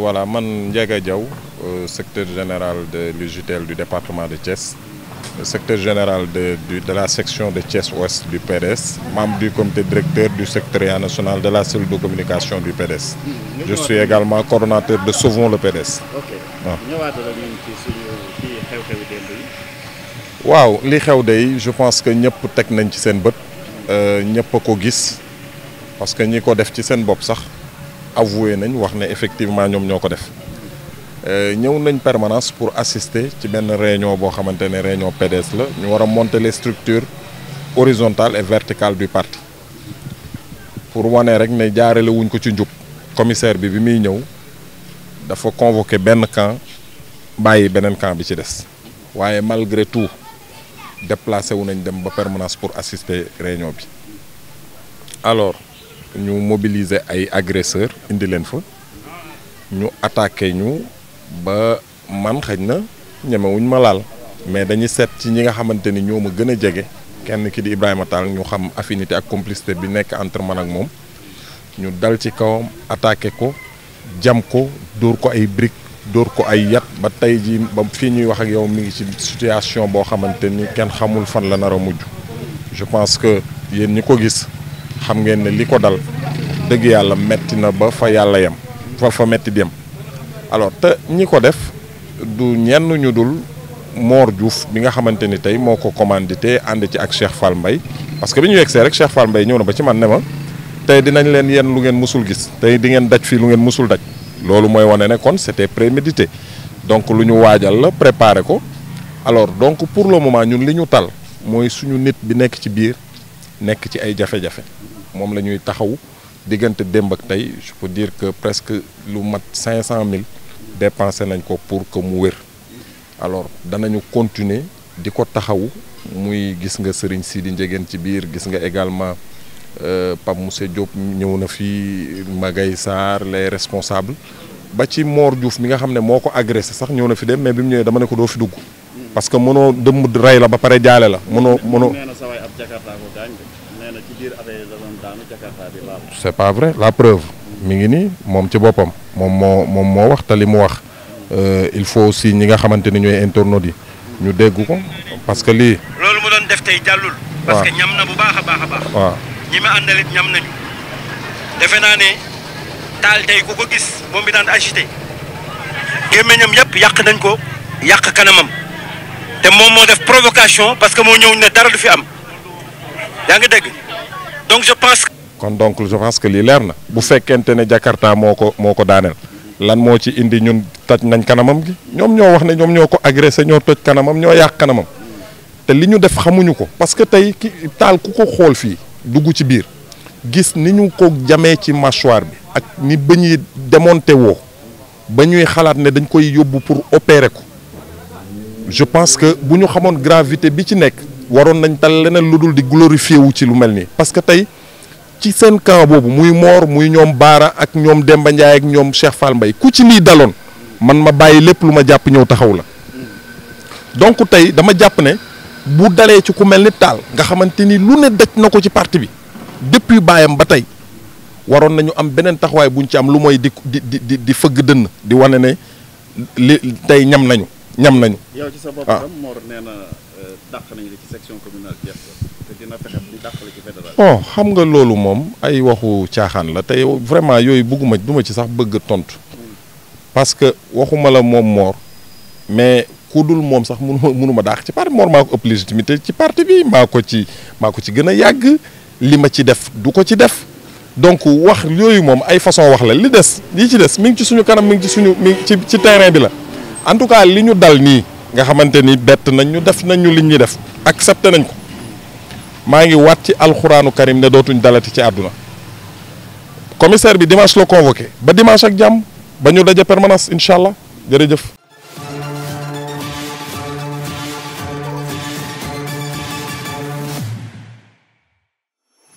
voilà man Ndiaga Diaw euh, secteur général de l'UJTL du département de Thiès euh, secteur général de de la section de Thiès Ouest du PDS membre du comité directeur du secrétariat national de la cellule de communication du PDS je suis également coordonnateur de Sauvons le PDS ah. waaw li xew day je pense que ñëpp teg nañ ci seen bët euh, ñëpp a ko gis parce que ñi ko def ci seen bopp sax avoué nañ wax ne effectivement ñoom ñoo ko def euh, ñëw nañ permanence pour assister ci benn réunion boo xamante ne réunion PDS la ñu war a monter les structures horizontales et verticales du parti pour wane rek ne jaaralewuñ ko ci njub commissaire bi bi muy ñëw dafa convoqué benn camp bàyyi beneen camp bi ci des waaye malgré tout déplacé wu nañ dem ba permanence pour assister réunion bi alors ñu mobiliser ay agresseurs indi leen fa ñu attaqué ñu ba man xëj na ñemewuñ ma laal mais dañuy seet ci ñi nga xamante ni ñoo ma gën a jege kenn ki di Ibrahima Tall ñu xam afinité ak complicité bi nekk entre man ak moom ñu dal ci kawam attaqué ko jam ko dóor ko ay briques dóor ko ay yat ba tey ji ba fii ñuy wax ak yow mi ngi ci situation boo xamante ni kenn xamul fan la nar a mujj je pense que yéen ñi ko gis xam ngeen ne li ko dal dëgg yàlla metti na ba fa yàlla yem fa fa metti dem alors te ñi ko def du ñenn ñu dul Mor Diouf bi nga xamante ni tey moo ko commandité ànd ci ak Cheikh Fall mbay parce que bi ñu yegsee rek Cheikh Fall mbay ñëw na ba ci man ne ma tey dinañ leen yenn lu ngeen musul gis tey di ngeen daj fii lu ngeen musul daj loolu mooy wane ne kon c'était prémédité donc lu ñu waajal la préparé ko alors donc pour le moment ñun li ñu tal mooy suñu nit bi nekk ci biir nekk ci ay jafe moom la ñuy taxaw diggante démb ak tey je peux dire que presque lu mat cinq cent mille dépensé nañ ko pour que mu wér alors danañu continuer di ko taxaw muy gis nga Serigne di Ndiégène ci biir gis nga également euh, Pape Moussa Diop ñëw na fi Magay Sarr les responsables ba ci moor Diouf mi nga xam ne moo ko agressé sax ñëw na fi dem mais bi mu ñëwee dama ne ko doo fi dugg parce que mënoo dëmm rey la ba pare jaale la mënoo mënoo nee na ci biir c'est pas vrai la preuve. mi ngi nii moom ci boppam moom moo moom moo wax te li mu wax euh, il faut aussi ñi nga xamante ni ñooy internautes yi ñu dégg ko parce que lii. loolu mu doon def tey jàllul. parce que ñam na bu baax a baax a baax. ñi ma àndalit ñam nañu. defe naa ne taal tey ku ko gis moom bi daan agité gémmiñam yëpp yàq nañ ko yàq kanamam te moom moo def provocation parce que moo ñëw ne dara du fi am. yaa ngi dégg donc je pense. kon donc je pense que lii leer na bu fekkente ne Jakarta moo ko moo ko daaneel lan moo ci indi ñun toj nañ kanamam gi ñoom ñoo wax ne ñoom ñoo ko agressé ñoo toj kanamam ñoo yàq kanamam te li ñu def xamuñu ko parce que tey ki taal ku ko xool fii dugg ci biir gis ni ñu ko jamee ci mâchoire bi ak ni ba ñuy démonté woo ba ñuy xalaat ne dañ koy yóbbu pour opérer ko je pense que bu ñu xamoon gravité bi ci nekk. waroon nañ tal leneen lu dul di glorifier wu ci lu mel nii parce que tey ci seen camp boobu muy moor muy ñoom Baara ak ñoom Demba Ndiaye ak ñoom Cheikh Fall Mbaye ku ci lii daloon man ma bàyyi lépp lu ma jàpp ñëw taxaw la donc tey dama jàpp ne bu dalee ci ku mel ni taal nga xamante ni lu ne daj na ko ci parti bi depuis baayam ba tey waroon nañu am beneen taxawaay buñ ci am lu mooy di di di di fëgg dënn di wane ne li tey ñam nañu ñam nañu. yow ci ah. nee na dàq nañ la ci section communale Thiès te dina fexe ñu xam nga loolu moom ay waxu caaxaan la tey vraiment yooyu bëgguma duma ci sax bëgg tontu. parce que waxuma la moom moor mais ku dul moom sax mënuma mënuma dàq ci parti moor maa ko ëpp légitimité ci parti bi maa ko ci maa ko ci gën a yàgg li ma ci def du ko ci def. donc wax yooyu moom ay façon wax la li des li ci des mi ngi ci suñu kanam mi ngi ci suñu mi ci ci terrain bi la en li ñu dal nii. nga xamante ni bett nañ ñu def nañ ñu liñ ñuy def ak septe nañ ko maa ngi waat ci alxuraanu karim ne dootuñ dalati ci àdduna commissaire bi dimanche la convoqué ba dimanche ak jàmm ba ñu daje permanence incha allah jëf